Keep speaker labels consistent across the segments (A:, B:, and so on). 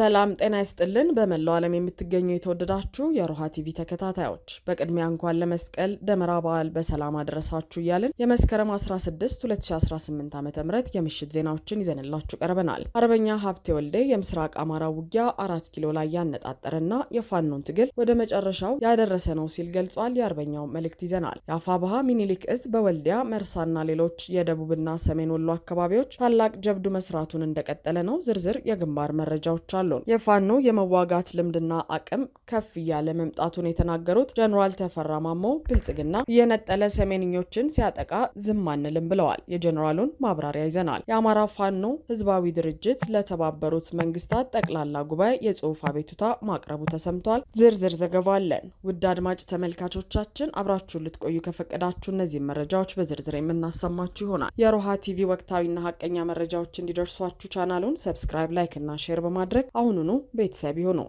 A: ሰላም ጤና ይስጥልን። በመላው ዓለም የምትገኙ የተወደዳችሁ የሮሃ ቲቪ ተከታታዮች በቅድሚያ እንኳን ለመስቀል ደመራ በዓል በሰላም አድረሳችሁ እያልን የመስከረም 16 2018 ዓ ም የምሽት ዜናዎችን ይዘንላችሁ ቀርበናል። አርበኛ ሀብቴ ወልዴ የምስራቅ አማራ ውጊያ አራት ኪሎ ላይ ያነጣጠረና የፋኖን ትግል ወደ መጨረሻው ያደረሰ ነው ሲል ገልጿል። የአርበኛው መልእክት ይዘናል። የአፋብሃ ሚኒሊክ እዝ በወልዲያ መርሳና ሌሎች የደቡብና ሰሜን ወሎ አካባቢዎች ታላቅ ጀብዱ መስራቱን እንደቀጠለ ነው። ዝርዝር የግንባር መረጃዎች አሉ። አለው። የፋኖ የመዋጋት ልምድና አቅም ከፍ እያለ መምጣቱን የተናገሩት ጀኔራል ተፈራ ማሞ ብልጽግና የነጠለ ሰሜንኞችን ሲያጠቃ ዝም አንልም ብለዋል። የጀኔራሉን ማብራሪያ ይዘናል። የአማራ ፋኖ ህዝባዊ ድርጅት ለተባበሩት መንግስታት ጠቅላላ ጉባኤ የጽሁፍ አቤቱታ ማቅረቡ ተሰምቷል። ዝርዝር ዘገባ አለን። ውድ አድማጭ ተመልካቾቻችን አብራችሁን ልትቆዩ ከፈቀዳችሁ እነዚህን መረጃዎች በዝርዝር የምናሰማችሁ ይሆናል። የሮሃ ቲቪ ወቅታዊና ሀቀኛ መረጃዎች እንዲደርሷችሁ ቻናሉን ሰብስክራይብ፣ ላይክ እና ሼር በማድረግ አሁኑኑ ቤተሰብ ይሁኑ።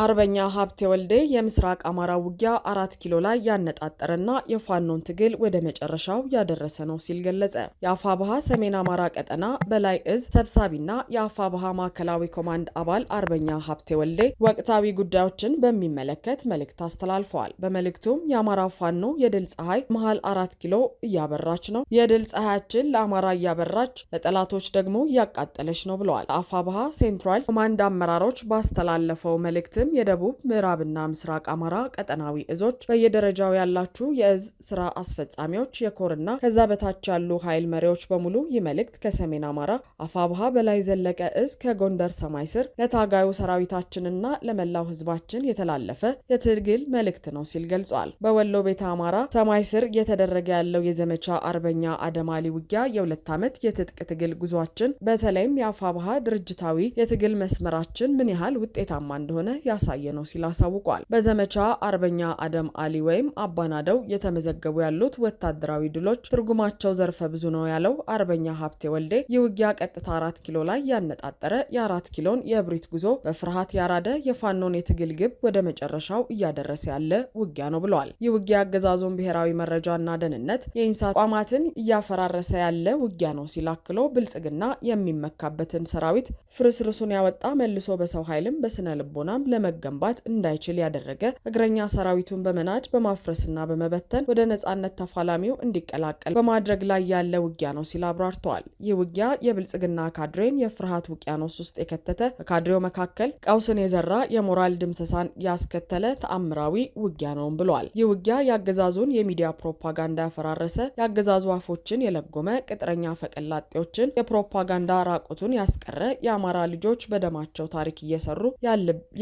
A: አርበኛ ሀብቴ ወልዴ የምስራቅ አማራ ውጊያ አራት ኪሎ ላይ ያነጣጠረና የፋኖን ትግል ወደ መጨረሻው ያደረሰ ነው ሲል ገለጸ። የአፋብሃ ሰሜን አማራ ቀጠና በላይ እዝ ሰብሳቢና የአፋብሃ ማዕከላዊ ኮማንድ አባል አርበኛ ሀብቴ ወልዴ ወቅታዊ ጉዳዮችን በሚመለከት መልእክት አስተላልፈዋል። በመልእክቱም የአማራ ፋኖ የድል ፀሐይ መሀል አራት ኪሎ እያበራች ነው። የድል ፀሐያችን ለአማራ እያበራች ለጠላቶች ደግሞ እያቃጠለች ነው ብለዋል። አፋብሃ ሴንትራል ኮማንድ አመራሮች ባስተላለፈው መልእክት ማለትም የደቡብ ምዕራብና ምስራቅ አማራ ቀጠናዊ እዞች በየደረጃው ያላችሁ የእዝ ስራ አስፈጻሚዎች፣ የኮርና ከዛ በታች ያሉ ኃይል መሪዎች በሙሉ ይህ መልእክት ከሰሜን አማራ አፋብሃ በላይ ዘለቀ እዝ ከጎንደር ሰማይ ስር ለታጋዩ ሰራዊታችንና ለመላው ህዝባችን የተላለፈ የትግል መልእክት ነው ሲል ገልጿል። በወሎ ቤተ አማራ ሰማይ ስር እየተደረገ ያለው የዘመቻ አርበኛ አደማሊ ውጊያ የሁለት ዓመት የትጥቅ ትግል ጉዟችን በተለይም የአፋብሃ ድርጅታዊ የትግል መስመራችን ምን ያህል ውጤታማ እንደሆነ ያሳየ ነው ሲል አሳውቋል። በዘመቻ አርበኛ አደም አሊ ወይም አባናደው የተመዘገቡ ያሉት ወታደራዊ ድሎች ትርጉማቸው ዘርፈ ብዙ ነው ያለው አርበኛ ሀብቴ ወልዴ የውጊያ ቀጥታ አራት ኪሎ ላይ ያነጣጠረ የአራት ኪሎን የእብሪት ጉዞ በፍርሃት ያራደ የፋኖን የትግል ግብ ወደ መጨረሻው እያደረሰ ያለ ውጊያ ነው ብለዋል። የውጊያ አገዛዞን ብሔራዊ መረጃና ደህንነት የኢንሳ ተቋማትን እያፈራረሰ ያለ ውጊያ ነው ሲል አክሎ ብልጽግና የሚመካበትን ሰራዊት ፍርስርሱን ያወጣ መልሶ በሰው ኃይልም በስነ ልቦናም ለ። ለመገንባት እንዳይችል ያደረገ እግረኛ ሰራዊቱን በመናድ በማፍረስና በመበተን ወደ ነጻነት ተፋላሚው እንዲቀላቀል በማድረግ ላይ ያለ ውጊያ ነው ሲል አብራርተዋል። ይህ ውጊያ የብልጽግና ካድሬን የፍርሃት ውቅያኖስ ውስጥ የከተተ በካድሬው መካከል ቀውስን የዘራ የሞራል ድምሰሳን ያስከተለ ተአምራዊ ውጊያ ነውም ብሏል። ይህ ውጊያ የአገዛዙን የሚዲያ ፕሮፓጋንዳ ያፈራረሰ፣ የአገዛዙ አፎችን የለጎመ፣ ቅጥረኛ ፈቀላጤዎችን የፕሮፓጋንዳ ራቁቱን ያስቀረ፣ የአማራ ልጆች በደማቸው ታሪክ እየሰሩ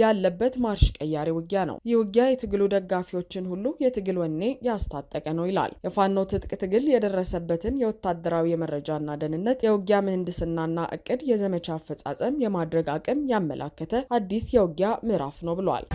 A: ያለ ያለበት ማርሽ ቀያሪ ውጊያ ነው። ይህ ውጊያ የትግሉ ደጋፊዎችን ሁሉ የትግል ወኔ ያስታጠቀ ነው ይላል። የፋኖ ትጥቅ ትግል የደረሰበትን የወታደራዊ የመረጃና ደህንነት፣ የውጊያ ምህንድስናና እቅድ፣ የዘመቻ አፈጻጸም የማድረግ አቅም ያመላከተ አዲስ የውጊያ ምዕራፍ ነው ብሏል።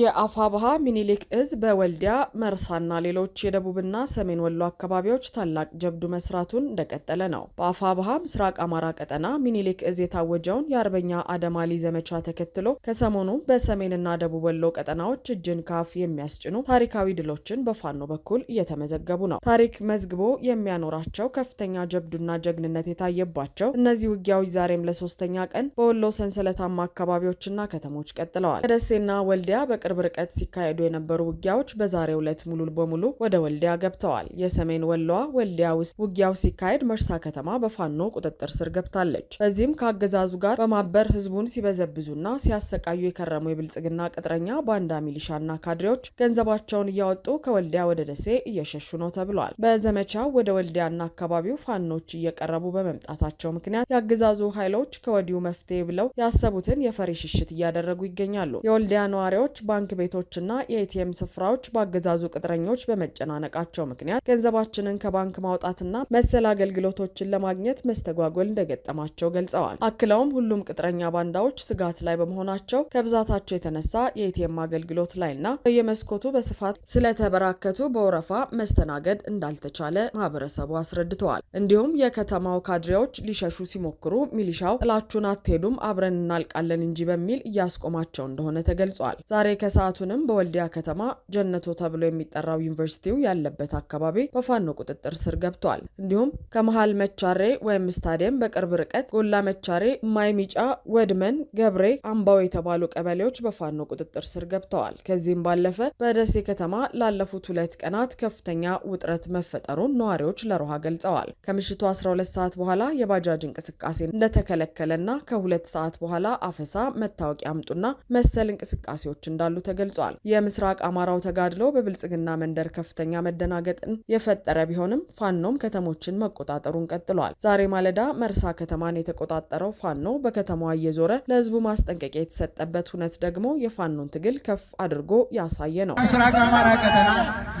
A: የአፋብሃ ሚኒሊክ እዝ በወልዲያ መርሳና ሌሎች የደቡብና ሰሜን ወሎ አካባቢዎች ታላቅ ጀብዱ መስራቱን እንደቀጠለ ነው። በአፋብሃ ምስራቅ አማራ ቀጠና ሚኒሊክ እዝ የታወጀውን የአርበኛ አደማሊ ዘመቻ ተከትሎ ከሰሞኑ በሰሜንና ደቡብ ወሎ ቀጠናዎች እጅን ካፍ የሚያስጭኑ ታሪካዊ ድሎችን በፋኖ በኩል እየተመዘገቡ ነው። ታሪክ መዝግቦ የሚያኖራቸው ከፍተኛ ጀብዱና ጀግንነት የታየባቸው እነዚህ ውጊያዎች ዛሬም ለሶስተኛ ቀን በወሎ ሰንሰለታማ አካባቢዎችና ከተሞች ቀጥለዋል። ከደሴና ወልዲያ በቅርብ ርቀት ሲካሄዱ የነበሩ ውጊያዎች በዛሬ ዕለት ሙሉ በሙሉ ወደ ወልዲያ ገብተዋል። የሰሜን ወሎዋ ወልዲያ ውስጥ ውጊያው ሲካሄድ መርሳ ከተማ በፋኖ ቁጥጥር ስር ገብታለች። በዚህም ከአገዛዙ ጋር በማበር ህዝቡን ሲበዘብዙና ሲያሰቃዩ የከረሙ የብልጽግና ቅጥረኛ ባንዳ ሚሊሻና ካድሬዎች ገንዘባቸውን እያወጡ ከወልዲያ ወደ ደሴ እየሸሹ ነው ተብሏል። በዘመቻው ወደ ወልዲያና አካባቢው ፋኖች እየቀረቡ በመምጣታቸው ምክንያት የአገዛዙ ኃይሎች ከወዲሁ መፍትሄ ብለው ያሰቡትን የፈሪ ሽሽት እያደረጉ ይገኛሉ። የወልዲያ ነዋሪዎች ባንክ ቤቶችና የኤቲኤም ስፍራዎች በአገዛዙ ቅጥረኞች በመጨናነቃቸው ምክንያት ገንዘባችንን ከባንክ ማውጣትና መሰል አገልግሎቶችን ለማግኘት መስተጓጎል እንደገጠማቸው ገልጸዋል። አክለውም ሁሉም ቅጥረኛ ባንዳዎች ስጋት ላይ በመሆናቸው ከብዛታቸው የተነሳ የኤቲኤም አገልግሎት ላይና በየመስኮቱ በስፋት ስለተበራከቱ በወረፋ መስተናገድ እንዳልተቻለ ማህበረሰቡ አስረድተዋል። እንዲሁም የከተማው ካድሬዎች ሊሸሹ ሲሞክሩ ሚሊሻው ጥላችሁን አትሄዱም አብረን እናልቃለን እንጂ በሚል እያስቆማቸው እንደሆነ ተገልጿል። ዛሬ ከሰዓቱንም በወልዲያ ከተማ ጀነቶ ተብሎ የሚጠራው ዩኒቨርሲቲው ያለበት አካባቢ በፋኖ ቁጥጥር ስር ገብቷል። እንዲሁም ከመሃል መቻሬ ወይም ስታዲየም በቅርብ ርቀት ጎላ መቻሬ፣ ማይሚጫ፣ ወድመን፣ ገብሬ፣ አምባው የተባሉ ቀበሌዎች በፋኖ ቁጥጥር ስር ገብተዋል። ከዚህም ባለፈ በደሴ ከተማ ላለፉት ሁለት ቀናት ከፍተኛ ውጥረት መፈጠሩን ነዋሪዎች ለሮሃ ገልጸዋል። ከምሽቱ 12 ሰዓት በኋላ የባጃጅ እንቅስቃሴ እንደተከለከለና ከሁለት ሰዓት በኋላ አፈሳ፣ መታወቂያ አምጡና መሰል እንቅስቃሴዎች እንዳሉ እንዳሉ ተገልጿል። የምስራቅ አማራው ተጋድሎ በብልጽግና መንደር ከፍተኛ መደናገጥን የፈጠረ ቢሆንም ፋኖም ከተሞችን መቆጣጠሩን ቀጥሏል። ዛሬ ማለዳ መርሳ ከተማን የተቆጣጠረው ፋኖ በከተማዋ እየዞረ ለህዝቡ ማስጠንቀቂያ የተሰጠበት ሁነት ደግሞ የፋኖን ትግል ከፍ አድርጎ ያሳየ ነው።
B: ምስራቅ አማራ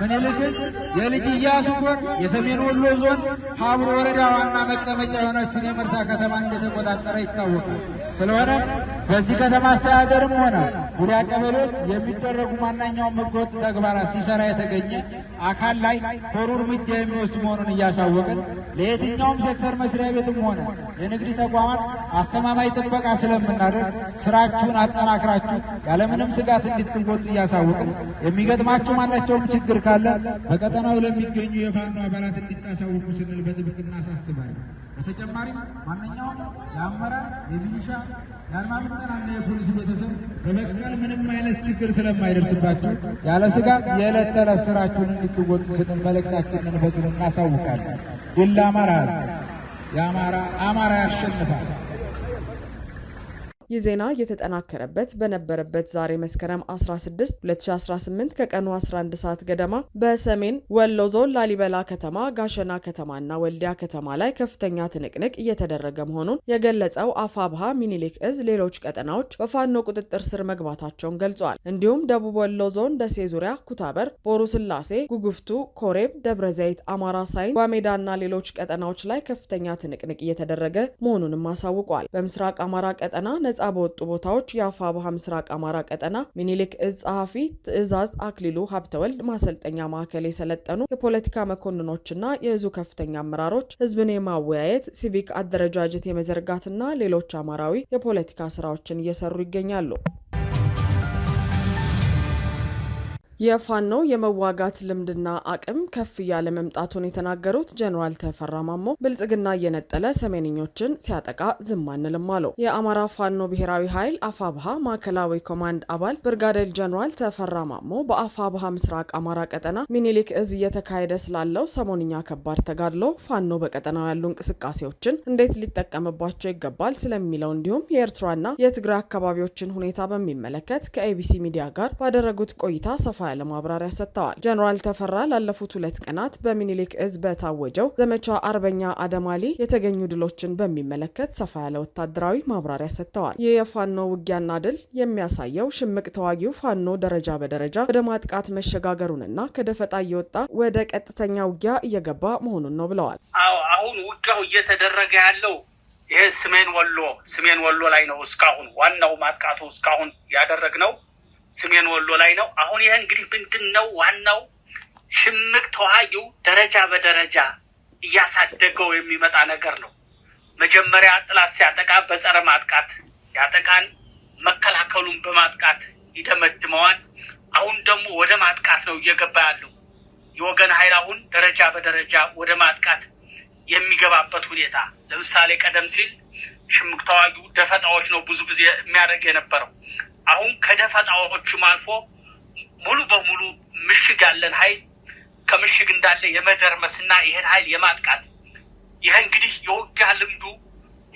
B: ምኒልክን የልጅ የሰሜን ወሎ ዞን ሀብሮ ወረዳ ዋና መቀመጫ የሆነችን የመርሳ ከተማ እንደተቆጣጠረ ይታወቃል። ስለሆነ በዚህ ከተማ አስተዳደርም ሆነ ጉዳያ ቀበሌዎች የሚደረጉ ማናኛውም ህገወጥ ተግባራት ሲሰራ የተገኘ አካል ላይ ፈሩ እርምጃ የሚወስድ መሆኑን እያሳወቅን ለየትኛውም ሴክተር መስሪያ ቤትም ሆነ የንግድ ተቋማት አስተማማኝ ጥበቃ ስለምናደርግ ስራችሁን አጠናክራችሁ ያለምንም ስጋት እንድትንጎጡ እያሳወቅን የሚገጥማችሁ ማናቸውም ችግር ካለ በቀጠናው ለሚገኙ የፋኖ አባላት እንድታሳውቁ ስንል በጥብቅ እናሳስባለን። በተጨማሪም ማንኛውም የአመራር የሚሊሻ የአድማ ብተናና የፖሊስ ቤተሰብ በመቀጠል ምንም አይነት ችግር ስለማይደርስባቸው ያለ ስጋት የዕለት ተዕለት ስራችሁን እንድትወጡ ስንል መልእክታችንን በጽኑ እናሳውቃለን። ድል ለአማራ! የአማራ አማራ ያሸንፋል!
A: ይህ ዜና እየተጠናከረበት በነበረበት ዛሬ መስከረም 16 2018 ከቀኑ 11 ሰዓት ገደማ በሰሜን ወሎ ዞን ላሊበላ ከተማ፣ ጋሸና ከተማና ወልዲያ ከተማ ላይ ከፍተኛ ትንቅንቅ እየተደረገ መሆኑን የገለጸው አፋብሃ ሚኒሊክ እዝ ሌሎች ቀጠናዎች በፋኖ ቁጥጥር ስር መግባታቸውን ገልጿል። እንዲሁም ደቡብ ወሎ ዞን ደሴ ዙሪያ፣ ኩታበር፣ ቦሩ ስላሴ፣ ጉጉፍቱ፣ ኮሬብ፣ ደብረ ዘይት፣ አማራ ሳይን፣ ጓሜዳና ሌሎች ቀጠናዎች ላይ ከፍተኛ ትንቅንቅ እየተደረገ መሆኑንም አሳውቋል። በምስራቅ አማራ ቀጠና ነጻ ነጻ በወጡ ቦታዎች የአፋብኃ ምስራቅ አማራ ቀጠና ሚኒሊክ እዝ ጸሐፊ ትዕዛዝ አክሊሉ ሀብተወልድ ማሰልጠኛ ማዕከል የሰለጠኑ የፖለቲካ መኮንኖችና የእዙ ከፍተኛ አመራሮች ህዝብን የማወያየት ሲቪክ አደረጃጀት የመዘርጋትና ሌሎች አማራዊ የፖለቲካ ስራዎችን እየሰሩ ይገኛሉ። የፋኖ የመዋጋት ልምድና አቅም ከፍ እያለ መምጣቱን የተናገሩት ጀኔራል ተፈራ ማሞ ብልጽግና እየነጠለ ሰሜንኞችን ሲያጠቃ ዝም አንልም አለው። የአማራ ፋኖ ብሔራዊ ኃይል አፋብሃ ማዕከላዊ ኮማንድ አባል ብርጋዴር ጀኔራል ተፈራ ማሞ በአፋብሃ ምስራቅ አማራ ቀጠና ሚኒሊክ እዝ እየተካሄደ ስላለው ሰሞንኛ ከባድ ተጋድሎ ፋኖ በቀጠናው ያሉ እንቅስቃሴዎችን እንዴት ሊጠቀምባቸው ይገባል ስለሚለው እንዲሁም የኤርትራና የትግራይ አካባቢዎችን ሁኔታ በሚመለከት ከኤቢሲ ሚዲያ ጋር ባደረጉት ቆይታ ሰፋ ያለ ማብራሪያ ሰጥተዋል። ጀኔራል ተፈራ ላለፉት ሁለት ቀናት በሚኒሊክ እዝ በታወጀው ዘመቻ አርበኛ አደማሊ የተገኙ ድሎችን በሚመለከት ሰፋ ያለ ወታደራዊ ማብራሪያ ሰጥተዋል። ይህ የፋኖ ውጊያና ድል የሚያሳየው ሽምቅ ተዋጊው ፋኖ ደረጃ በደረጃ ወደ ማጥቃት መሸጋገሩንና ከደፈጣ እየወጣ ወደ ቀጥተኛ ውጊያ እየገባ መሆኑን ነው ብለዋል።
C: አሁን ውጊያው እየተደረገ ያለው ይህ ሰሜን ወሎ ሰሜን ወሎ ላይ ነው። እስካሁን ዋናው ማጥቃቱ እስካሁን ያደረግነው ሰሜን ወሎ ላይ ነው። አሁን ይህ እንግዲህ ምንድን ነው ዋናው ሽምቅ ተዋዩ ደረጃ በደረጃ እያሳደገው የሚመጣ ነገር ነው። መጀመሪያ ጥላት ሲያጠቃ በጸረ ማጥቃት ያጠቃን፣ መከላከሉን በማጥቃት ይደመድመዋል። አሁን ደግሞ ወደ ማጥቃት ነው እየገባ ያለው የወገን ኃይል አሁን ደረጃ በደረጃ ወደ ማጥቃት የሚገባበት ሁኔታ። ለምሳሌ ቀደም ሲል ሽምቅ ተዋጊው ደፈጣዎች ነው ብዙ ጊዜ የሚያደርግ የነበረው። አሁን ከደፈጣዎቹም አልፎ ሙሉ በሙሉ ምሽግ ያለን ኃይል ከምሽግ እንዳለ የመደርመስና ይህን ሀይል የማጥቃት ይህ እንግዲህ የውጊያ ልምዱ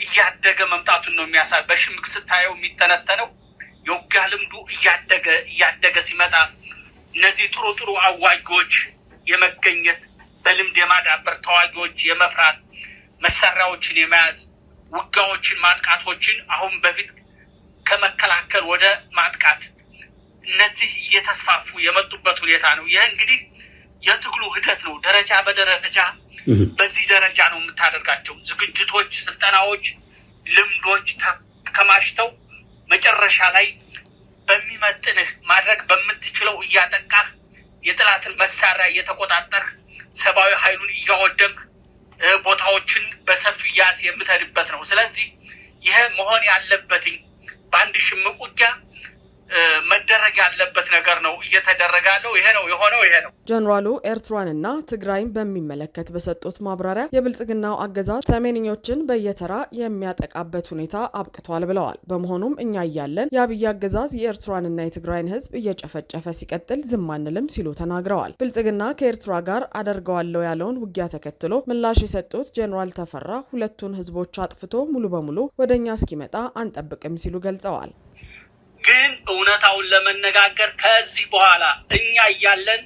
C: እያደገ መምጣቱን ነው የሚያሳይ። በሽምቅ ስታየው የሚተነተነው የውጊያ ልምዱ እያደገ እያደገ ሲመጣ እነዚህ ጥሩ ጥሩ አዋጊዎች የመገኘት በልምድ የማዳበር ተዋጊዎች የመፍራት መሳሪያዎችን የመያዝ ውጋዎችን ማጥቃቶችን አሁን በፊት ከመከላከል ወደ ማጥቃት እነዚህ እየተስፋፉ የመጡበት ሁኔታ ነው። ይህ እንግዲህ የትግሉ ሂደት ነው። ደረጃ በደረጃ በዚህ ደረጃ ነው የምታደርጋቸው ዝግጅቶች፣ ስልጠናዎች፣ ልምዶች ተከማሽተው መጨረሻ ላይ በሚመጥንህ ማድረግ በምትችለው እያጠቃህ የጥላትን መሳሪያ እየተቆጣጠር ሰብአዊ ኃይሉን እያወደምህ ቦታዎችን በሰፊ ያስ የምትሄድበት ነው። ስለዚህ ይህ መሆን ያለበትኝ በአንድ ሽምቅ ውጊያ መደረግ ያለበት ነገር ነው እየተደረገ ያለው። ይሄ ነው የሆነው፣ ይሄ ነው።
A: ጀኔራሉ ኤርትራንና ትግራይን በሚመለከት በሰጡት ማብራሪያ የብልጽግናው አገዛዝ ሰሜንኞችን በየተራ የሚያጠቃበት ሁኔታ አብቅቷል ብለዋል። በመሆኑም እኛ እያለን የአብይ አገዛዝ የኤርትራንና የትግራይን ሕዝብ እየጨፈጨፈ ሲቀጥል ዝም አንልም ሲሉ ተናግረዋል። ብልጽግና ከኤርትራ ጋር አደርገዋለሁ ያለውን ውጊያ ተከትሎ ምላሽ የሰጡት ጀኔራል ተፈራ ሁለቱን ሕዝቦች አጥፍቶ ሙሉ በሙሉ ወደ እኛ እስኪመጣ አንጠብቅም ሲሉ ገልጸዋል።
C: ግን እውነታውን ለመነጋገር ከዚህ በኋላ እኛ እያለን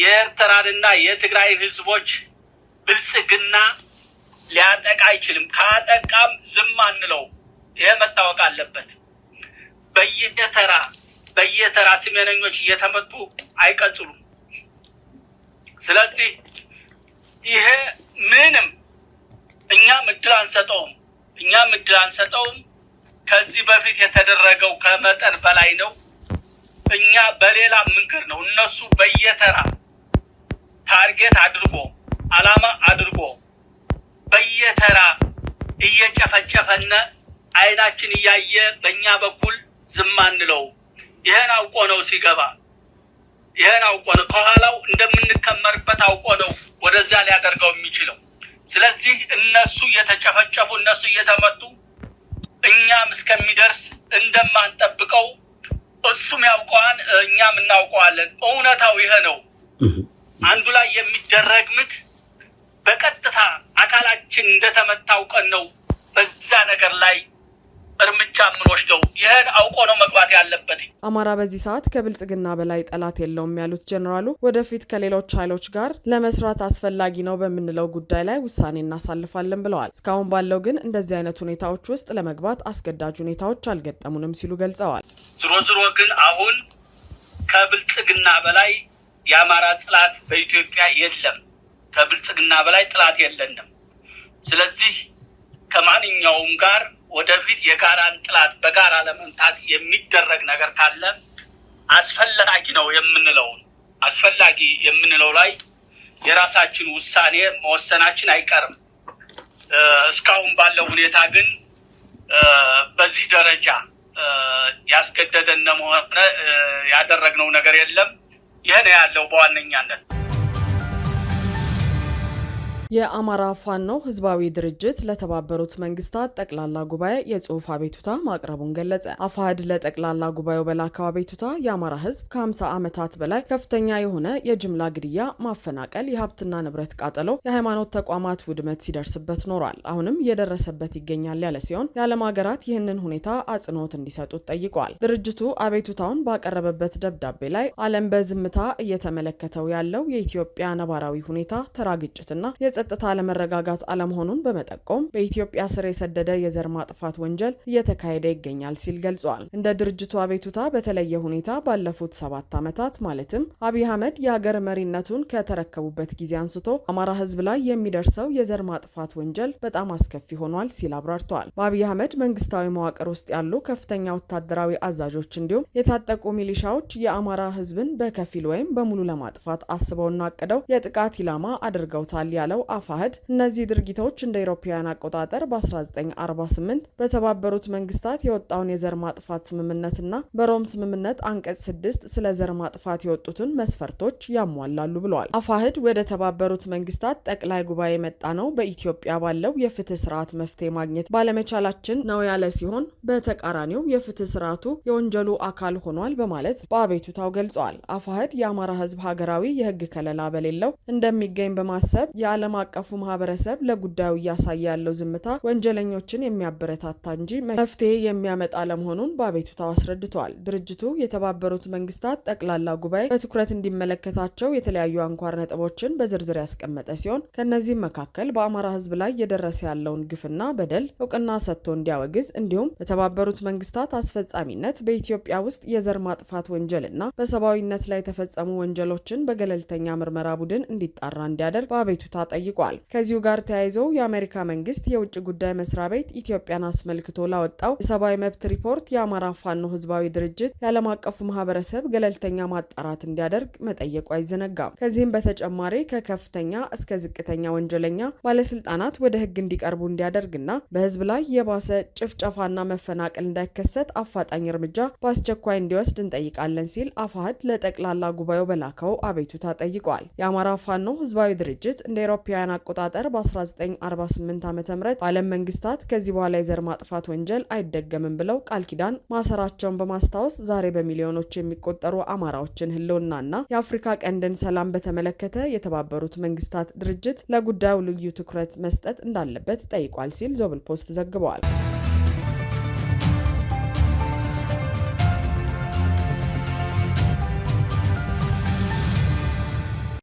C: የኤርትራንና የትግራይ ህዝቦች ብልጽግና ሊያጠቃ አይችልም። ካጠቃም ዝም አንለው። ይሄ መታወቅ አለበት። በየተራ በየተራ ስሜነኞች እየተመቱ አይቀጽሉም። ስለዚህ ይሄ ምንም እኛም እድል አንሰጠውም፣ እኛም እድል አንሰጠውም። ከዚህ በፊት የተደረገው ከመጠን በላይ ነው። እኛ በሌላ መንገድ ነው። እነሱ በየተራ ታርጌት አድርጎ አላማ አድርጎ በየተራ እየጨፈጨፈነ አይናችን እያየ በእኛ በኩል ዝም አንለው። ይህን አውቆ ነው ሲገባ፣ ይህን አውቆ ነው ከኋላው እንደምንከመርበት አውቆ ነው ወደዚያ ሊያደርገው የሚችለው። ስለዚህ እነሱ እየተጨፈጨፉ እነሱ እየተመቱ እኛም እስከሚደርስ እንደማንጠብቀው እሱም ያውቀዋል፣ እኛም እናውቀዋለን። እውነታው ይሄ ነው። አንዱ ላይ የሚደረግ ምት በቀጥታ አካላችን እንደተመታውቀን ነው በዛ ነገር ላይ እርምጃ የምንወስደው ይህን አውቆ ነው መግባት ያለበት።
A: አማራ በዚህ ሰዓት ከብልጽግና በላይ ጠላት የለውም ያሉት ጀኔራሉ ወደፊት ከሌሎች ኃይሎች ጋር ለመስራት አስፈላጊ ነው በምንለው ጉዳይ ላይ ውሳኔ እናሳልፋለን ብለዋል። እስካሁን ባለው ግን እንደዚህ አይነት ሁኔታዎች ውስጥ ለመግባት አስገዳጅ ሁኔታዎች አልገጠሙንም ሲሉ ገልጸዋል።
C: ዝሮ ዝሮ ግን አሁን ከብልጽግና በላይ የአማራ ጠላት በኢትዮጵያ የለም። ከብልጽግና በላይ ጠላት የለንም። ስለዚህ ከማንኛውም ጋር ወደፊት የጋራን ጥላት በጋራ ለመምታት የሚደረግ ነገር ካለ አስፈላጊ ነው የምንለውን አስፈላጊ የምንለው ላይ የራሳችን ውሳኔ መወሰናችን አይቀርም። እስካሁን ባለው ሁኔታ ግን በዚህ ደረጃ ያስገደደን ሆነ ያደረግነው ነገር የለም። ይህ ነው ያለው በዋነኛነት
A: የአማራ ፋኖ ህዝባዊ ድርጅት ለተባበሩት መንግስታት ጠቅላላ ጉባኤ የጽሁፍ አቤቱታ ማቅረቡን ገለጸ። አፋህድ ለጠቅላላ ጉባኤው በላከው አቤቱታ የአማራ ህዝብ ከ50 ዓመታት በላይ ከፍተኛ የሆነ የጅምላ ግድያ፣ ማፈናቀል፣ የሀብትና ንብረት ቃጠሎ፣ የሃይማኖት ተቋማት ውድመት ሲደርስበት ኖሯል። አሁንም እየደረሰበት ይገኛል ያለ ሲሆን የዓለም ሀገራት ይህንን ሁኔታ አጽንኦት እንዲሰጡት ጠይቋል። ድርጅቱ አቤቱታውን ባቀረበበት ደብዳቤ ላይ ዓለም በዝምታ እየተመለከተው ያለው የኢትዮጵያ ነባራዊ ሁኔታ ተራ ግጭትና የጸጥታ አለመረጋጋት አለመሆኑን በመጠቆም በኢትዮጵያ ስር የሰደደ የዘር ማጥፋት ወንጀል እየተካሄደ ይገኛል ሲል ገልጿል። እንደ ድርጅቱ አቤቱታ በተለየ ሁኔታ ባለፉት ሰባት ዓመታት ማለትም አብይ አህመድ የሀገር መሪነቱን ከተረከቡበት ጊዜ አንስቶ አማራ ህዝብ ላይ የሚደርሰው የዘር ማጥፋት ወንጀል በጣም አስከፊ ሆኗል ሲል አብራርተዋል። በአብይ አህመድ መንግስታዊ መዋቅር ውስጥ ያሉ ከፍተኛ ወታደራዊ አዛዦች እንዲሁም የታጠቁ ሚሊሻዎች የአማራ ህዝብን በከፊል ወይም በሙሉ ለማጥፋት አስበውና አቅደው የጥቃት ኢላማ አድርገውታል ያለው የገለጸው አፋህድ እነዚህ ድርጊቶች እንደ አውሮፓውያን አቆጣጠር በ1948 በተባበሩት መንግስታት የወጣውን የዘር ማጥፋት ስምምነትና በሮም ስምምነት አንቀጽ ስድስት ስለ ዘር ማጥፋት የወጡትን መስፈርቶች ያሟላሉ ብለዋል። አፋህድ ወደ ተባበሩት መንግስታት ጠቅላይ ጉባኤ የመጣ ነው በኢትዮጵያ ባለው የፍትህ ስርዓት መፍትሄ ማግኘት ባለመቻላችን ነው ያለ ሲሆን በተቃራኒው የፍትህ ስርዓቱ የወንጀሉ አካል ሆኗል በማለት በአቤቱታው ገልጸዋል። አፋህድ የአማራ ህዝብ ሀገራዊ የህግ ከለላ በሌለው እንደሚገኝ በማሰብ የዓለም ዓለም አቀፉ ማህበረሰብ ለጉዳዩ እያሳየ ያለው ዝምታ ወንጀለኞችን የሚያበረታታ እንጂ መፍትሄ የሚያመጣ አለመሆኑን በአቤቱታው አስረድተዋል። ድርጅቱ የተባበሩት መንግስታት ጠቅላላ ጉባኤ በትኩረት እንዲመለከታቸው የተለያዩ አንኳር ነጥቦችን በዝርዝር ያስቀመጠ ሲሆን ከእነዚህም መካከል በአማራ ህዝብ ላይ የደረሰ ያለውን ግፍና በደል እውቅና ሰጥቶ እንዲያወግዝ እንዲሁም በተባበሩት መንግስታት አስፈጻሚነት በኢትዮጵያ ውስጥ የዘር ማጥፋት ወንጀልና በሰብአዊነት ላይ የተፈጸሙ ወንጀሎችን በገለልተኛ ምርመራ ቡድን እንዲጣራ እንዲያደርግ በአቤቱታ ጠይቋል። ከዚሁ ጋር ተያይዘው የአሜሪካ መንግስት የውጭ ጉዳይ መስሪያ ቤት ኢትዮጵያን አስመልክቶ ላወጣው የሰብአዊ መብት ሪፖርት የአማራ ፋኖ ህዝባዊ ድርጅት የዓለም አቀፉ ማህበረሰብ ገለልተኛ ማጣራት እንዲያደርግ መጠየቁ አይዘነጋም። ከዚህም በተጨማሪ ከከፍተኛ እስከ ዝቅተኛ ወንጀለኛ ባለስልጣናት ወደ ህግ እንዲቀርቡ እንዲያደርግና በህዝብ ላይ የባሰ ጭፍጨፋና መፈናቀል እንዳይከሰት አፋጣኝ እርምጃ በአስቸኳይ እንዲወስድ እንጠይቃለን ሲል አፋህድ ለጠቅላላ ጉባኤው በላከው አቤቱታ ጠይቋል። የአማራ ፋኖ ህዝባዊ ድርጅት እንደ አውሮፓውያን አቆጣጠር በ1948 ዓ ም በዓለም መንግስታት ከዚህ በኋላ የዘር ማጥፋት ወንጀል አይደገምም ብለው ቃል ኪዳን ማሰራቸውን በማስታወስ ዛሬ በሚሊዮኖች የሚቆጠሩ አማራዎችን ህልውናና የአፍሪካ ቀንድን ሰላም በተመለከተ የተባበሩት መንግስታት ድርጅት ለጉዳዩ ልዩ ትኩረት መስጠት እንዳለበት ጠይቋል ሲል ዞብል ፖስት ዘግቧል።